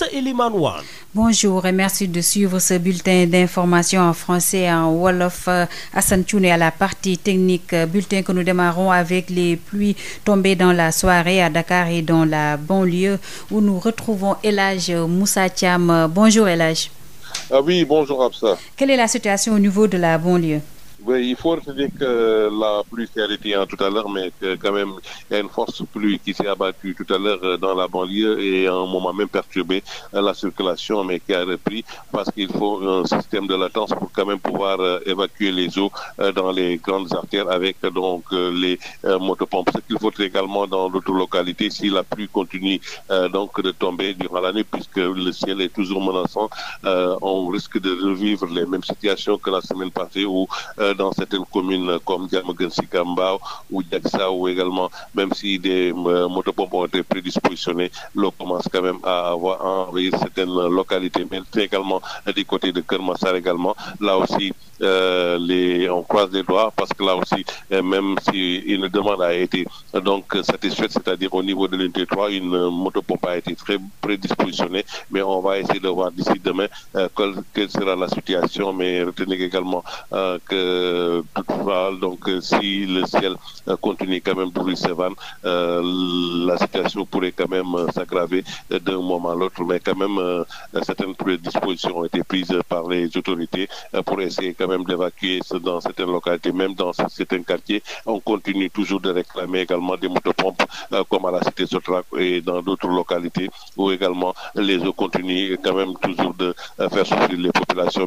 Idrissa Elimane Wane. Bonjour et merci de suivre ce bulletin d'information en français et en wolof. Assane Thioune à la partie technique. Bulletin que nous démarrons avec les pluies tombées dans la soirée à Dakar et dans la banlieue où nous retrouvons El Hadj Bonjour El Ah oui, bonjour Absa. Quelle est la situation au niveau de la banlieue? Oui, il faut retenir que la pluie s'est arrêtée hein, tout à l'heure, que, quand même, il abattue tout à l'heure euh, dans la banlieue et à moment même euh, la circulation, mais qui a repris parce qu'il faut un système de latence pour quand même pouvoir euh, évacuer les eaux dans les grandes artères avec donc les motopompes. Ce qu'il faut également dans d'autres localités si la pluie continue donc de tomber durant l'année, puisque le ciel est toujours menaçant, on risque de revivre les mêmes situations que la semaine dans certaines communes comme Diamaguène Sicap Mbao ou également même si des euh, motopompes ont été prédispositionnées l'eau commence quand même à avoir certaines localités mais également du côté de Keur également là aussi euh, on croise les doigts parce que là aussi euh, même si une demande a été donc satisfaite c'est-à-dire au niveau de l'unité 3 une motopompe a été très prédispositionnée mais on va essayer de voir d'ici demain quelle, quelle la situation mais toutefois, euh, donc, euh, si le ciel euh, continue quand même pour une savane, la situation pourrait quand même s'aggraver d'un moment à l'autre, mais quand même, certaines dispositions ont été prises par les autorités pour essayer d'évacuer dans certaines localités, même dans certains quartiers. On continue toujours de réclamer également des motopompes, comme à la cité Sotrac et dans d'autres localités, où également les eaux continuent quand même toujours de faire souffrir les populations.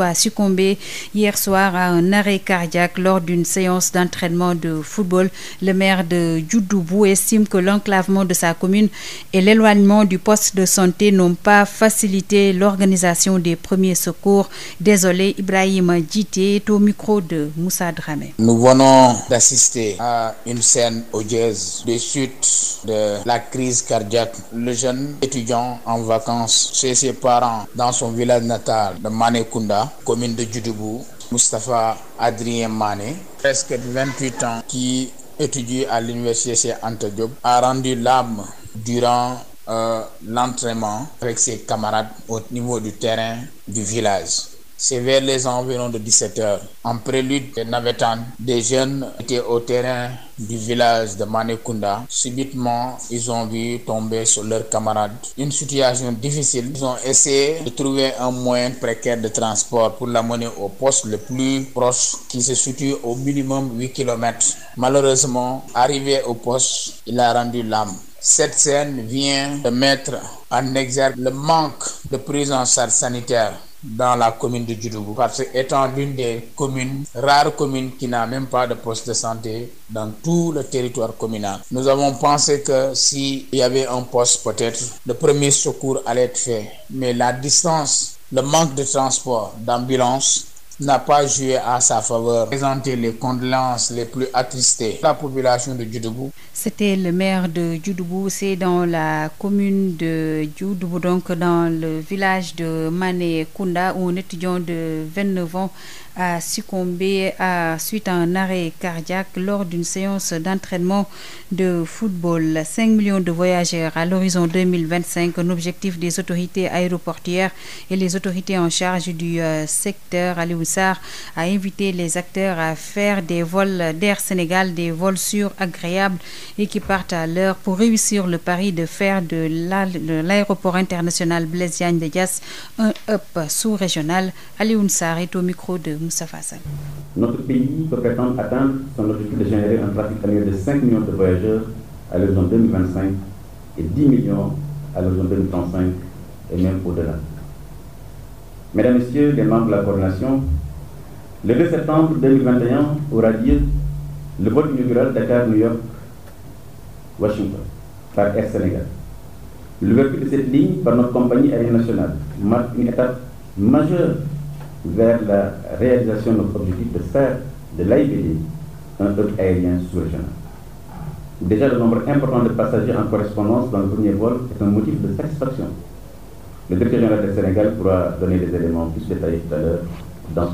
Diallo a succombé hier soir à un arrêt cardiaque lors d'une séance d'entraînement de football. Le maire de Djoudoubou estime que l'enclavement de sa commune et l'éloignement du poste de santé n'ont pas facilité l'organisation des premiers secours. Désolé, Ibrahima Djité est au micro de Moussa Dramé. Nous venons d'assister à une scène odieuse des suites de la crise cardiaque. Le jeune étudiant en vacances chez ses parents dans son village natal de Manékounda commune de Djoudibou Moustapha Adrien Mané presque vingt-huit ans qui étudie à l'université Cheikh Anta Diop a rendu l'âme durant euh, l'entraînement avec au niveau du terrain du village c'est vers les environs de 17 heures. En prélude de navetaan, des jeunes au terrain du village de Manékounda. Subitement, ils ont vu tomber sur une situation difficile. Ils ont essayé de trouver un moyen précaire de transport pour l'amener au poste le plus proche qui se au minimum 8 kilomètres. Malheureusement, arrivé au poste, il a rendu l'âme. Cette scène vient de mettre en exergue le manque de prise en sanitaire dans la commune de Dioudougu parce que étant l'une des communes rares communes qui n'a même pas de poste de santé dans tout le territoire communal nous avons pensé que s'il y avait un poste peut-être le premier secours allait être fait mais la distance le manque de transport d'ambulance n'a pas joué à sa faveur. Présenter le maire de Djoudoubou, la commune de Djoudoubou, donc dans village de Mané Kounda, où un étudiant de 29 a succombé à, suite à un arrêt cardiaque lors d'une séance d'entraînement de football. 5 millions de voyageurs à l'horizon 2025, un objectif Sarr a invité les acteurs à faire des vols d'Air Sénégal des vols sûrs, agréables et qui partent à l'heure pour réussir le pari de faire de l'aéroport international Blaise Diagne de Diass un hub sous-régional. Alioune Sarr est au micro de Moustapha Sall. Notre pays peut prétendre atteindre son objectif de générer un trafic annuel de millions de voyageurs à l'horizon et millions à l'horizon et même au-delà. Mesdames, Messieurs les membres de la coordination, Le 2 septembre 2021 aura lieu le vol inaugural Dakar-New York-Washington par Air Sénégal. L'ouverture de cette par notre compagnie aérienne nationale marque une étape majeure vers la réalisation de notre objectif de faire de l'AIBD un hub aérien sous-régional. Déjà, le nombre important de passagers en correspondance dans le premier vol est un motif de satisfaction. Le directeur général du Sénégal pourra donner des éléments plus détaillés tout à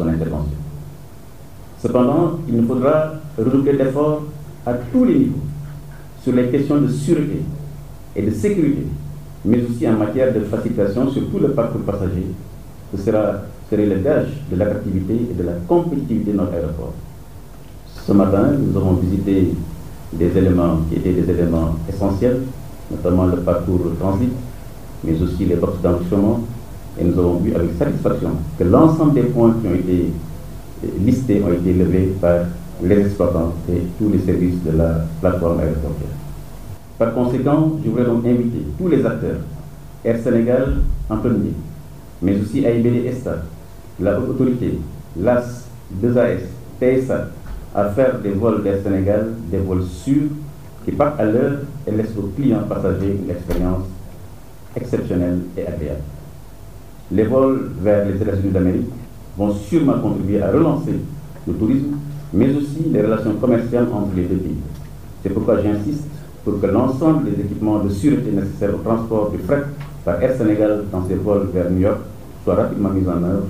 Cependant, il nous faudra redoubler d'efforts à tous les niveaux sur les questions de sûreté et de sécurité, mais aussi en matière de facilitation sur tout le parcours passager. Ce sera, serait le gage de l'attractivité et de la compétitivité de notre aéroport. Ce matin, nous avons visité des éléments qui étaient des éléments essentiels, notamment le parcours transit, mais aussi les boxes d'enrichissement. Et nous avons vu avec satisfaction que l'ensemble des listés ont été levés par les exploitants et tous les services de la plateforme aéroportuaire. Par conséquent, je voudrais donc inviter tous les acteurs, Air Sénégal en premier, mais aussi AIBD ESTA, la haute autorité, l'AS, 2AS, PSA, à faire des vols d'Air Sénégal, des vols sûrs, qui partent à l'heure et laissent aux clients passagers une exceptionnelle et agréable. Les vols vers les États-Unis d'Amérique vont sûrement contribuer à relancer le tourisme, mais aussi les relations commerciales entre les deux pays. C'est pourquoi j'insiste pour que l'ensemble des équipements de sûreté nécessaires au transport du fret par Air Sénégal dans ses vols vers New York soient rapidement mis en œuvre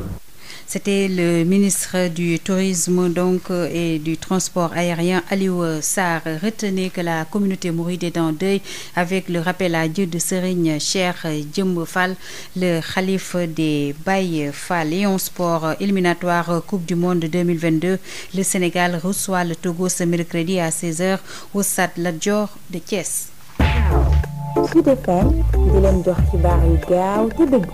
C'était le ministre du Tourisme donc euh, et du Transport aérien Aliou euh, Sarr. Retenez que la communauté mouride est en deuil avec le rappel à de Serigne Cheikh Dieumb Fall, le khalife des Baye Fall. Et en sport éliminatoire euh, Coupe du monde le Sénégal reçoit le Togo ce à 16h au Stade Lat de Thiès. Sud FM di leen jox xibaar yu gaaw te dëgg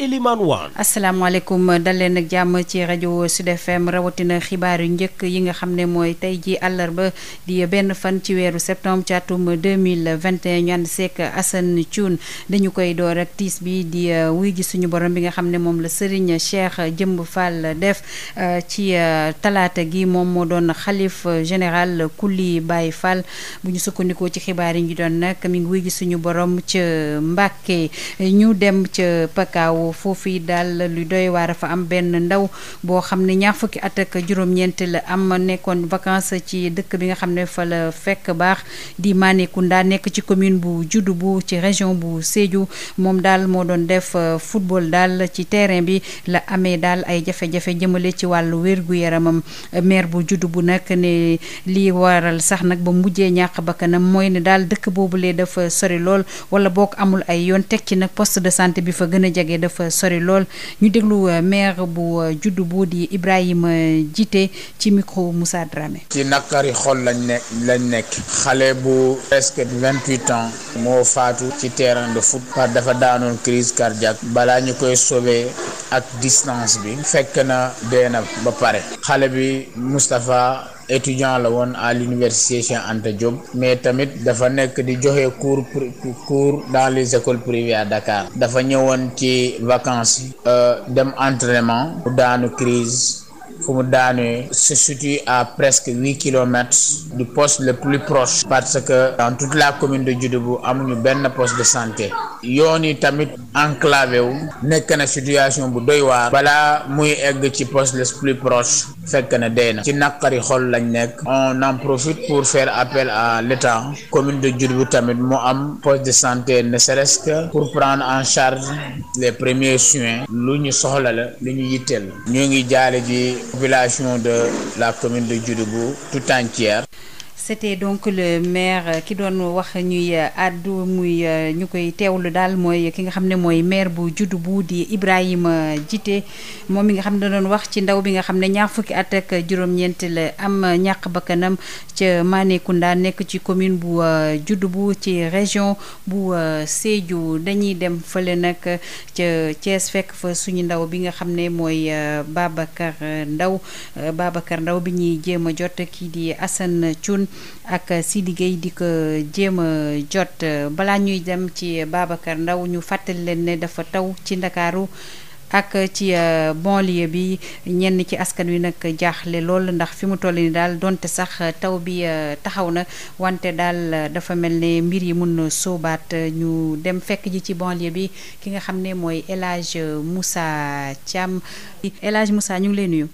Elimane Wane asalaamaaleykum dal leen ak jàmm ci rajo Sud FM rawatina xibaar yu njëkk yi nga xam ne mooy tey ji àllarba di benn fan ci weeru septembre ci atum 2021 ñu ànd seek Assane Thioune dañu koy door ak tiis bi di euh, wuy ji suñu borom bi nga xam ne moom la Serigne Cheikh Jëmb Fall def euh, ci euh, talaata gi moom moo doon xalif général Kuli bàyyi Fall bu ñu sukkandikoo ci xibaar yi ñu doon nag mi ngi wuy ji suñu borom ca Mbàkke ñu dem ca Pakao foofu yi daal lu doy waar fa am benn ndaw boo xam ne ñaar fukki at ak juróom-ñeent la am nekkoon vacances ci dëkk bi nga xam ne fa la fekk baax di Manékounda nekk ci commune bu juddu Dioudoubou ci région bu Sédhiou moom daal moo doon def euh, football daal ci terrain bi la amee daal ay jafe-jafe jëmale ci wàllu wér-gu-yaramam maire bu Dioudoubou nag ne lii waral sax nag ba mujjee ñàkk bakkanam mooy ne daal dëkk boobu boobulee dafa sori lool wala boo ko amul ay yoon teg dafa sori lool ñu déglu euh, maire bu euh, juddu bu di ibrahim euh, jiite ci micro Moussa Dramé. ci nakari xol lañ nekk lañ nekk xale bu presque vingt huit ans moo faatu ci terrain de foot dafa daanoon crise cardiaque balaa ñu koy sobee ak distance bi fekk na dee ba pare xale bi Moustapha. étudiant la woon à l'université Cheikh Anta Diop mais tamit dafa nekk di joxe cours cours dans les écoles privées à Dakar dafa ñëwoon ci vacances euh, dem entraînement mu daanu crise fu mu daanee se situe à presque huit kilomètres du poste le plus proche parce que en toute la commune de Dioudoubou amuñu benn poste de santé yoon yi tamit enclavé wu nekk na situation bu doy waar balaa muy egg ci poste les plus proches fekk na dee na ci naqari xol lañ nekk on en profite pour faire appel à l'état commune de Diourbel tamit mu am poste de santé ne serait pour prendre en charge les premiers soins lu ñu soxla la lu ñu yitteel ñu ngi jaale ji population de la commune de bu tout entière c'était donc le maire ki doon wax ñuy euh, àddu muy euh, ñu koy teewlu daal mooy ki nga xam ne mooy maire bu juddu bu di Ibrahima Djité moom mi nga xam ne doon wax ci ndaw bi nga xam ne ñaar fukki at ak juróom am ñàkk bakkanam ca Manékounda nekk ci commune bu euh, juddu bu ci région bu Sédhiou dañuy dem fële nag ca Thiès fekk fa suñu ndaw bi nga xam ne mooy Babacar Ndaw Babacar Ndaw bi ñuy jéem a jot kii di Assane Thioune ak Sidi Gueye di ko jéem a jot euh, balaa ñuy dem ci Babacar Ndaw ñu fàttali leen ne dafa taw ci Ndakaaru ak ci euh, banlieue bi ñenn ci askan wi nag jaaxle lool ndax fi mu toll ni daal donte sax taw bi euh, taxaw na wante daal dafa mel ne mbir yi mun na soobaat ñu dem fekk ji ci banlieue bi ki nga xam ne mooy El Hadj Moussa Thiam El Hadj Moussa ñu ngi lay nuyu.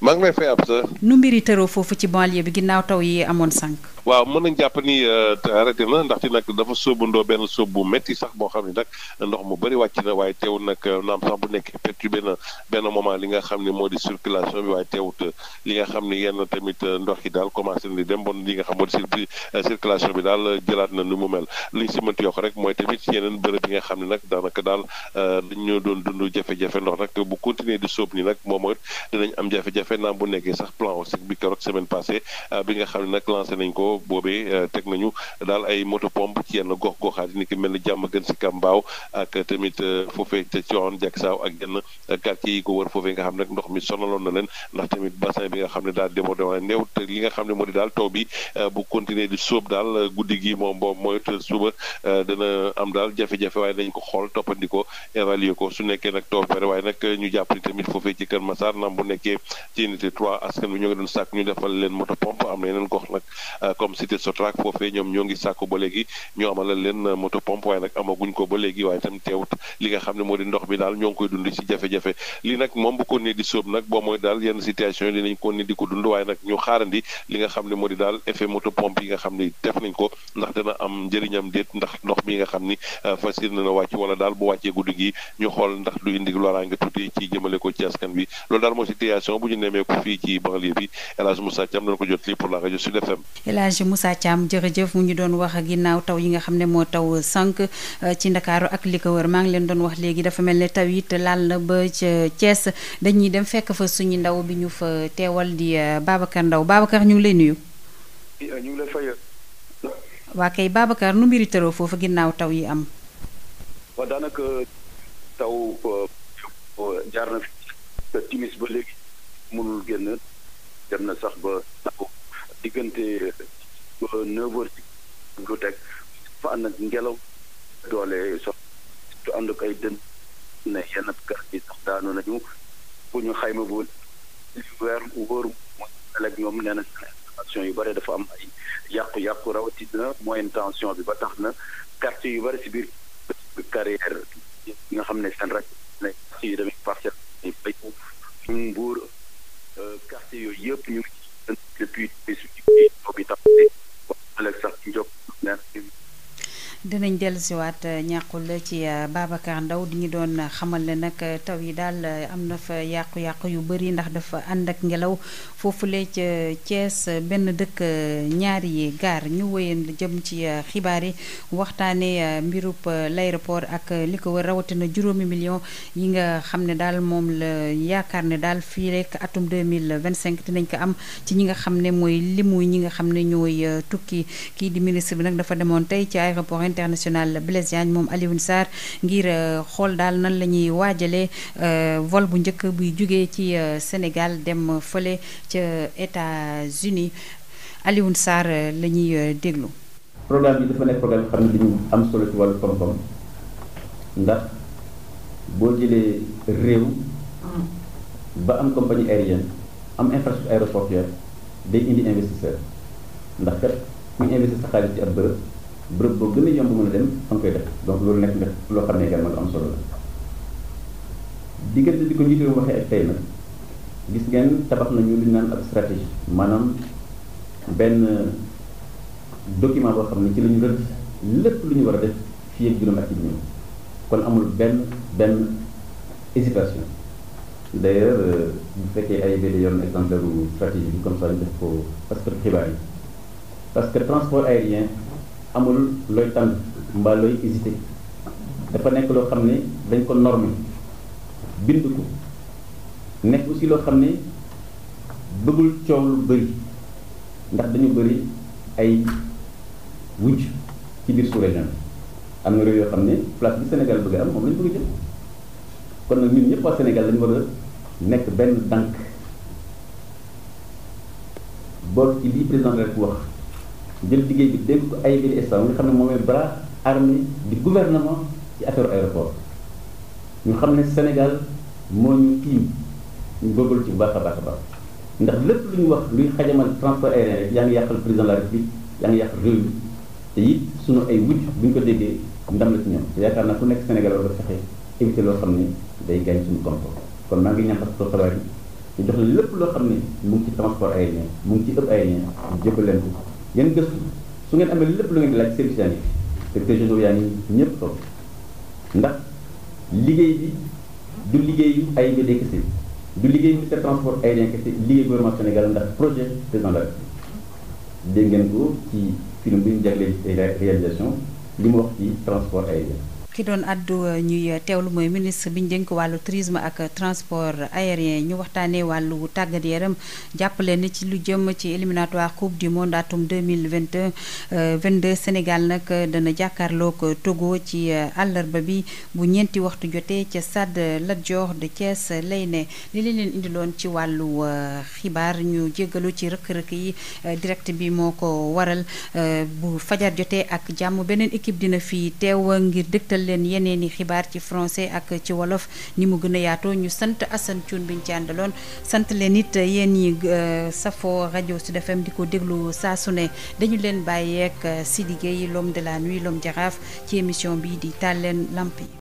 maa ngi lay fay ab sa. nu mbiri tëroo foofu ci banlieue bi ginnaaw taw yi amoon sànq. waaw mën nañ jàpp ni euh, arrêté na ndaxte nag dafa sóobandoo benn soob bu métti sax boo xam ne nag ndox mu bëri wàcc na waaye teewul nag euh, naam sax bu nekkee perturbé na benn moment li nga xam ne moo di circulation bi waaye teewut euh, li nga xam ne yenn tamit ndox yi daal commencé na di dem bon li nga xam moo di circulation bi daal jëlaat na nu mu mel li ñu si mënti rek mooy tamit yeneen bërëb yi nga xam ne nag daanaka daal dañ ñoo doon dund jafe-jafe bu continuer di sóob ni nag moom mooy dinañ am jafe jafe-jafe naam bu nekkee sax plan ORSEC bi keroog semaine passée euh, bi nga xam ne nag lancé nañ ko boobee euh, teg nañu daal ay moto pompe ci yenn gox goxaat yi ni ki mel ni jàmm gën si kambaaw ak tamit euh, foofee ca Thion jak saaw ak yenn quartier yi ko wër foofee nga xam ne ndox mi sonaloon na leen ndax tamit bassin bi nga xam ne daal débordé woon néew te li nga xam ne moo di daal taw bi bu continuer di sóob daal guddi gi moom moom mooy te suba dana am daal jafe-jafe waaye nañ ko xool toppandiko évaluer ko su nekkee nag taw pare waaye nag ñu jàpp ni tamit foofee ci Kër Massar naam bu nekkee ci unité 3 askan bi ñoo ngi doon sàkk ñu defal leen moto pompe am na yeneen gox nag euh, comme cité Sotrac foofee ñoom ñoo ngi sàkku ba léegi ñu amalal leen euh, moto pompe waaye nag amaguñ ko ba léegi waaye tam teewut li nga xam ne moo di ndox bi daal ñoo ngi koy dund ci jafe-jafe li nag moom bu ko ne di sóob nag boo mooy daal yenn situation yi dinañ ko ne di ko dund waaye nag ñu xaarandi li nga xam ne moo di daal effet moto pompe yi nga xam ne def nañ ko ndax dana am njëriñam déet ndax ndox mi nga xam ni euh, fas yéene na wàcc wala daal bu wàccee guddi gi ñu xool ndax du indi loraange tuuti ci jëmale ko ci askan bi loolu daal moo situation ñu nemmeeku fii ci banlieue bi El Hadj Moussa Thiam ko jot lii pour la rajo Sud FM. El Hadj Moussa Thiam jërëjëf mu ñu doon wax ginnaaw taw yi nga xam ne moo taw sànq euh, ci ndakaaru ak li ko wër maa ngi leen doon wax léegi dafa mel ne taw it laal na ba ca dañuy dem fekk fa suñu ndaw bi ñu fa teewal di euh, Babacar Ndaw Babacar ñu ngi lay nuyu. Euh, ñu ngi lay foofu ginnaaw taw yi am. mënul génn dem na sax ba diggante ba 9 heures ci am fa ngelaw doole so ànd ak ay dën ne yenn garab yi sax daanu nañu bu ñu xayma bu weer wóor mooy ñoom nee na information yu bëri dafa am ay yàqu-yàqu rawatina moyenne tension bi ba tax na quartier yu bëri si biir carrière nga xam ne seen rek ne quartier yi damay parcelle ay mbuur Euh, quartier yooyu yëpp ñu ngi depuis dinañ dellusiwaat euh, ñàqul ci euh, Babacar Ndaw di ñu doon euh, xamal ne nag taw yi daal am na fa yàqu-yàqu yu bëri ndax dafa ànd ak ngelaw foofu foofule ca Thiès benn dëkk ñaari gaar ñu wéyeen jëm ci xibaar yi waxtaanee mbirub l'aéroport ak li ko war rawatina juróomi million yi nga xam ne daal moom la yaakaar ne daal fii rek atum 2025 dinañ ko am ci ñi nga xam ne mooy limu ñi nga xam ne ñooy tukki kii di ministre bi nag dafa demoon tey ci aéroport international Blaise Diagne moom Alioune Sarr ngir euh, xool daal nan la ñuy waajalee euh, vol bu njëkk buy jugee ci euh, Sénégal dem fële ca États-Unis Alioune Sarr la ñuy ndax boo jëlee réew ba am compagnie aérienne am infrastructure aéroportuaire day indi investisseur ndax kat ku ñu investir ci ab bërëb. bërëb boo gën a yomb mën a dem fa koy def donc loolu nekk nga loo xam ne également lu am solo la diggante di ko njiit waxee ak tey nag gis ngeen tabax nañu lu naan ab stratégie maanaam benn document boo xam ne ci la ñu rëdd lépp lu ñu war a def fii ak juróom ak yi ñëw kon amul benn benn hésitation d'ailleurs euh, bu fekkee ay béy yoon exemple stratégie bi comme ça ñu def ko parce que xibaar yi parce que transport aérien amul looy tànn mbaa looy dafa nekk loo xam ne dañ ko normé bind ko nekk aussi loo xam ne bëggul coow lu bëri ndax dañu bëri ay wujj ci biir sous-région am na réew yoo xam ne place bi Sénégal bëgg am moom lañ bëgg jël kon nag ñun ñëpp waa Sénégal dañu war a nekk benn dànk boot ci lii président rek wax jël liggéey bi dégg ko ay biir islam nga xam ne moomee bras armé di gouvernement ci affaire aéroport ñu xam ne Sénégal moo ñu tiim ñu góorgóorlu ci bu baax a baax a baax ndax lépp lu ñu wax luy xajamal transport aérien yaa ngi yàqal président de la république yaa ngi yàq réew mi te it suñu ay wujj bu ñu ko déggee ndam la ci ñoom te yaakaar naa ku nekk Sénégal war a fexe éviter loo xam ne day gaañ suñu koom-koom kon maa ngi ñàkk a xabaar yi ñu jox la lépp loo xam ne mu ngi ci ci ëpp aérien ko ngeen gëstu su ngeen amee lépp lu ngeen di laaj service yaa ngi fi te réseaux yaa ngi ñëpp toog ndax liggéey bi du liggéeyu ay mbédee kese du liggéey ministère transport aérien kese liggéey gouvernement Sénégal ndax projet président de dégg ngeen ko ci film bu ñu jagleel réalisation li mu wax ci transport aérien ki doon addu euh, ñuy euh, teewlu mooy ministre bi ñu dénk wàllu tourisme ak euh, transport aérien ñu waxtaanee wàllu tàggat yaram jàppale ni ci lu jëm ci éliminatoire coupe du monde atum 2022 22 Sénégal nag dana jàkkaarloog Togo ci àllarba bi bu ñeenti waxtu jotee ca stade Lat Dior de Thiès lay ne li leen leen indiloon ci wàllu xibaar ñu jéggalu ci rëkk-rëkk yi direct bi moo ko waral bu fajar jotee ak jàmm beneen équipe dina fi teew ngir dëgtal leen yeneen i xibaar ci français ak ci wolof ni mu gën a yaatoo ñu sant Assane Thioune bi ñu ci àndaloon sant leen it yéen ñi euh, safoo rajo Sud FM di ko déglu saa ne dañu leen bàyyeek euh, Sidi liggéey l'homme de la nuit l'homme jaraaf ci émission bi di taal leen lamp yi